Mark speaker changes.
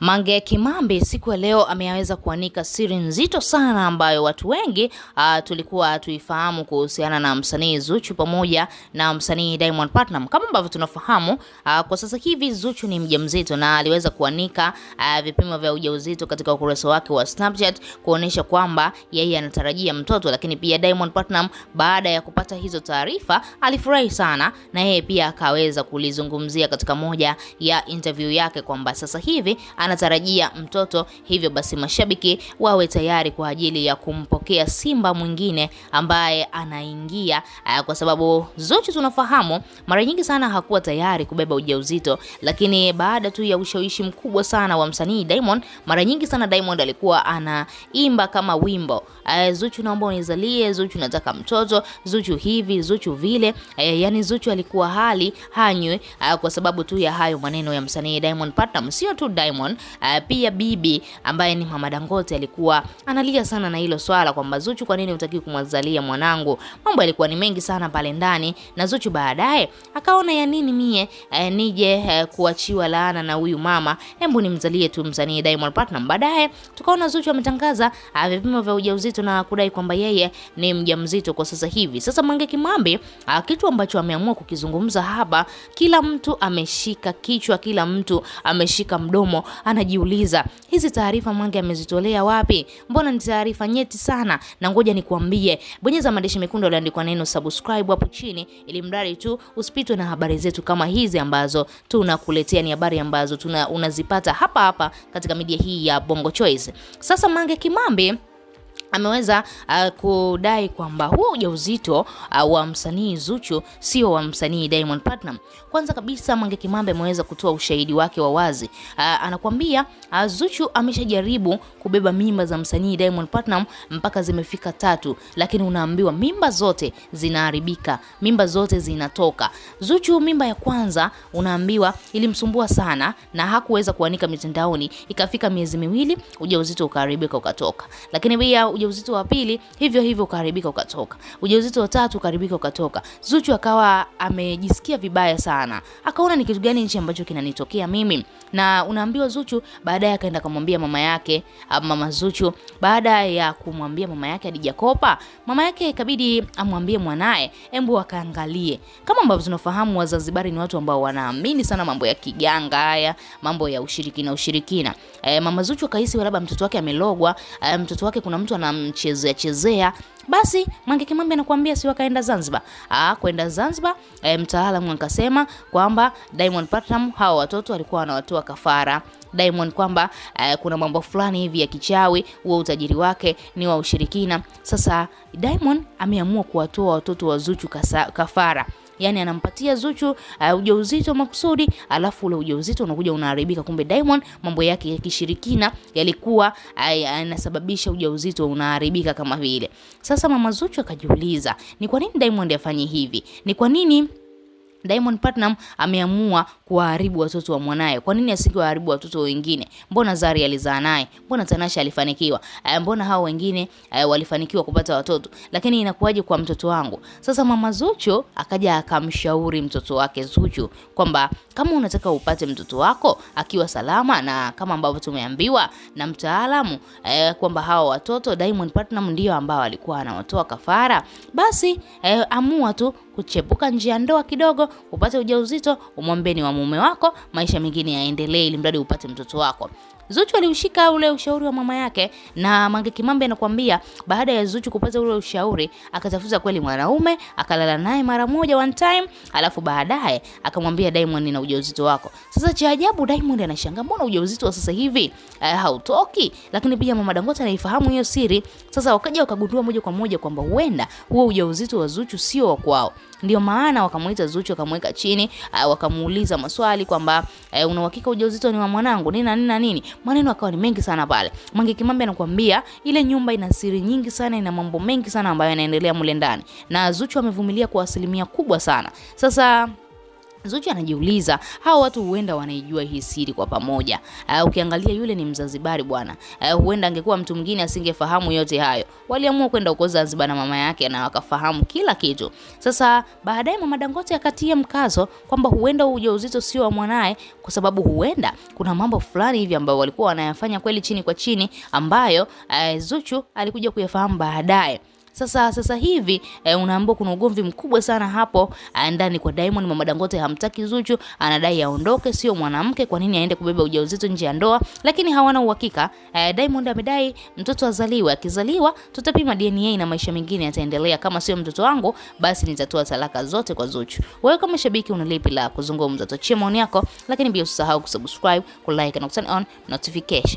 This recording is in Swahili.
Speaker 1: Mange Kimambi siku ya leo ameweza kuanika siri nzito sana ambayo watu wengi a, ah, tulikuwa tuifahamu kuhusiana na msanii Zuchu pamoja na msanii Diamond Platnumz. Kama ambavyo tunafahamu a, ah, kwa sasa hivi Zuchu ni mjamzito na aliweza kuanika ah, vipimo vya ujauzito katika ukurasa wake wa Snapchat kuonesha kwamba yeye anatarajia mtoto, lakini pia Diamond Platnumz baada ya kupata hizo taarifa alifurahi sana na yeye pia akaweza kulizungumzia katika moja ya interview yake kwamba sasa hivi anatarajia mtoto, hivyo basi mashabiki wawe tayari kwa ajili ya kumpokea Simba mwingine ambaye anaingia, kwa sababu Zuchu tunafahamu mara nyingi sana hakuwa tayari kubeba ujauzito, lakini baada tu ya ushawishi mkubwa sana wa msanii Diamond, mara nyingi sana Diamond alikuwa anaimba kama wimbo Zuchu, naomba unizalie, Zuchu nataka mtoto, Zuchu hivi, Zuchu vile, yani Zuchu alikuwa hali hanywe, kwa sababu tu ya hayo maneno ya msanii Diamond Platnumz. Sio tu Diamond uh, pia bibi ambaye ni mama Dangote alikuwa analia sana na hilo swala kwamba Zuchu, kwa nini hutaki kumwazalia mwanangu? Mambo yalikuwa ni mengi sana pale ndani, na Zuchu baadaye akaona ya nini mie uh, nije uh, kuachiwa laana na huyu mama, hebu nimzalie tu msanii Diamond Platnumz. Baadaye tukaona Zuchu ametangaza uh, vipimo vya ujauzito na kudai kwamba yeye ni mjamzito kwa sasa hivi. Sasa Mange Kimambi uh, kitu ambacho ameamua kukizungumza hapa, kila mtu ameshika kichwa, kila mtu ameshika mdomo, anajiuliza hizi taarifa Mange amezitolea wapi? Mbona ni taarifa nyeti sana, na ngoja nikuambie. Bonyeza maandishi mekundu yaliyoandikwa neno subscribe hapo chini, ili mradi tu usipitwe na habari zetu kama hizi ambazo tunakuletea. Ni habari ambazo tuna unazipata hapa hapa katika media hii ya Bongo Choice. Sasa Mange Kimambi ameweza uh, kudai kwamba huo ujauzito uh, wa msanii Zuchu sio wa msanii Diamond Platinum. Kwanza kabisa Mange Kimambe ameweza kutoa ushahidi wake wa wazi uh, anakuambia uh, Zuchu ameshajaribu kubeba mimba za msanii Diamond Platinum mpaka zimefika tatu, lakini unaambiwa mimba zote zinaharibika, mimba zote zinatoka. Zuchu mimba ya kwanza unaambiwa ilimsumbua sana na hakuweza kuanika mitandaoni, ikafika miezi miwili ujauzito ukaharibika ukatoka, lakini pia ujauzito wa pili hivyo hivyo ukaharibika ukatoka. Ujauzito wa tatu ukaharibika ukatoka. Zuchu akawa amejisikia vibaya sana, akaona ni kitu gani nchi ambacho kinanitokea mimi. Na unaambiwa Zuchu baadaye akaenda kumwambia mama yake, ah, mama Zuchu. Baada ya kumwambia mama yake alijakopa, mama yake ikabidi amwambie mwanae, embu akaangalie. Kama ambavyo tunafahamu, Wazanzibari ni watu ambao wanaamini sana mambo ya kiganga haya, mambo ya ushirikina ushirikina. E, mama Zuchu akahisi labda mtoto wake amelogwa, e, mtoto wake kuna mtu ana mchezea chezea basi Mange Kimambi anakuambia si wakaenda Zanzibar. Ah, kwenda Zanzibar e, mtaalamu akasema kwamba Diamond Platinum hao watoto walikuwa wanawatoa kafara Diamond kwamba e, kuna mambo fulani hivi ya kichawi, huo utajiri wake ni wa ushirikina. Sasa Diamond ameamua kuwatoa watoto wa Zuchu kasa, kafara yani anampatia Zuchu uh, ujauzito makusudi, alafu ule ujauzito unakuja unaharibika. Kumbe Diamond mambo yake ya kishirikina yalikuwa eh, yanasababisha ujauzito unaharibika kama vile. Sasa mama Zuchu akajiuliza, ni kwa nini Diamond afanye hivi? Ni kwa nini Diamond Platinum ameamua kuwaharibu watoto wa mwanaye. Kwa nini asingewaharibu watoto wengine? Mbona Zari alizaa naye? Mbona Tanasha alifanikiwa? Eh, mbona hao wengine eh, walifanikiwa kupata watoto? Lakini inakuwaje kwa mtoto wangu? Sasa mama Zuchu akaja akamshauri mtoto wake Zuchu kwamba kama unataka upate mtoto wako akiwa salama na kama ambavyo tumeambiwa na mtaalamu eh, kwamba hao watoto Diamond Platinum ndio ambao alikuwa anawatoa kafara, basi eh, amua tu kuchepuka nje ya ndoa kidogo, upate ujauzito, umwombeni wa mume wako, maisha mengine yaendelee, ili mradi upate mtoto wako. Zuchu aliushika ule ushauri wa mama yake, na Mange Kimambe anakuambia baada ya Zuchu kupata ule ushauri akatafuta kweli mwanaume akalala naye mara moja one time, alafu baadaye akamwambia Diamond, na ujauzito wako sasa. Cha ajabu Diamond anashangaa mbona ujauzito wa sasa hivi eh, hautoki, lakini pia mama Dangote anaifahamu hiyo siri. Sasa wakaja wakagundua moja kwa moja kwamba huenda huo ujauzito wa Zuchu sio wa kwao, ndio maana wakamuita Zuchu wakamweka chini, eh, wakamuuliza maswali kwamba eh, una uhakika ujauzito ni wa mwanangu nini na nini na nini maneno akawa ni mengi sana pale. Mange Kimambi anakuambia ile nyumba ina siri nyingi sana, ina mambo mengi sana ambayo yanaendelea mule ndani, na Zuchu amevumilia kwa asilimia kubwa sana. Sasa Zuchu anajiuliza hao watu huenda wanaijua hii siri kwa pamoja. Uh, ukiangalia yule ni Mzanzibari bwana. Uh, huenda angekuwa mtu mwingine asingefahamu yote hayo. Waliamua kwenda huko Zanzibar na mama yake na wakafahamu kila kitu. Sasa baadaye mama Dangote akatia mkazo kwamba huenda ujauzito sio wa mwanae, kwa sababu huenda kuna mambo fulani hivi ambayo walikuwa wanayafanya kweli chini kwa chini ambayo uh, ah, Zuchu alikuja kuyafahamu baadaye. Sasa sasa hivi e, unaambiwa kuna ugomvi mkubwa sana hapo eh, ndani kwa Diamond. Mama Dangote hamtaki Zuchu, anadai aondoke, sio mwanamke, kwa nini aende kubeba ujauzito nje ya ndoa? Lakini hawana uhakika e, Diamond amedai mtoto azaliwe, akizaliwa tutapima DNA na maisha mengine yataendelea. Kama sio mtoto wangu, basi nitatoa talaka zote kwa Zuchu. Wewe kama shabiki una lipi la kuzungumza? Tuachie maoni yako, lakini bila usahau kusubscribe, kulike na kuturn on notification.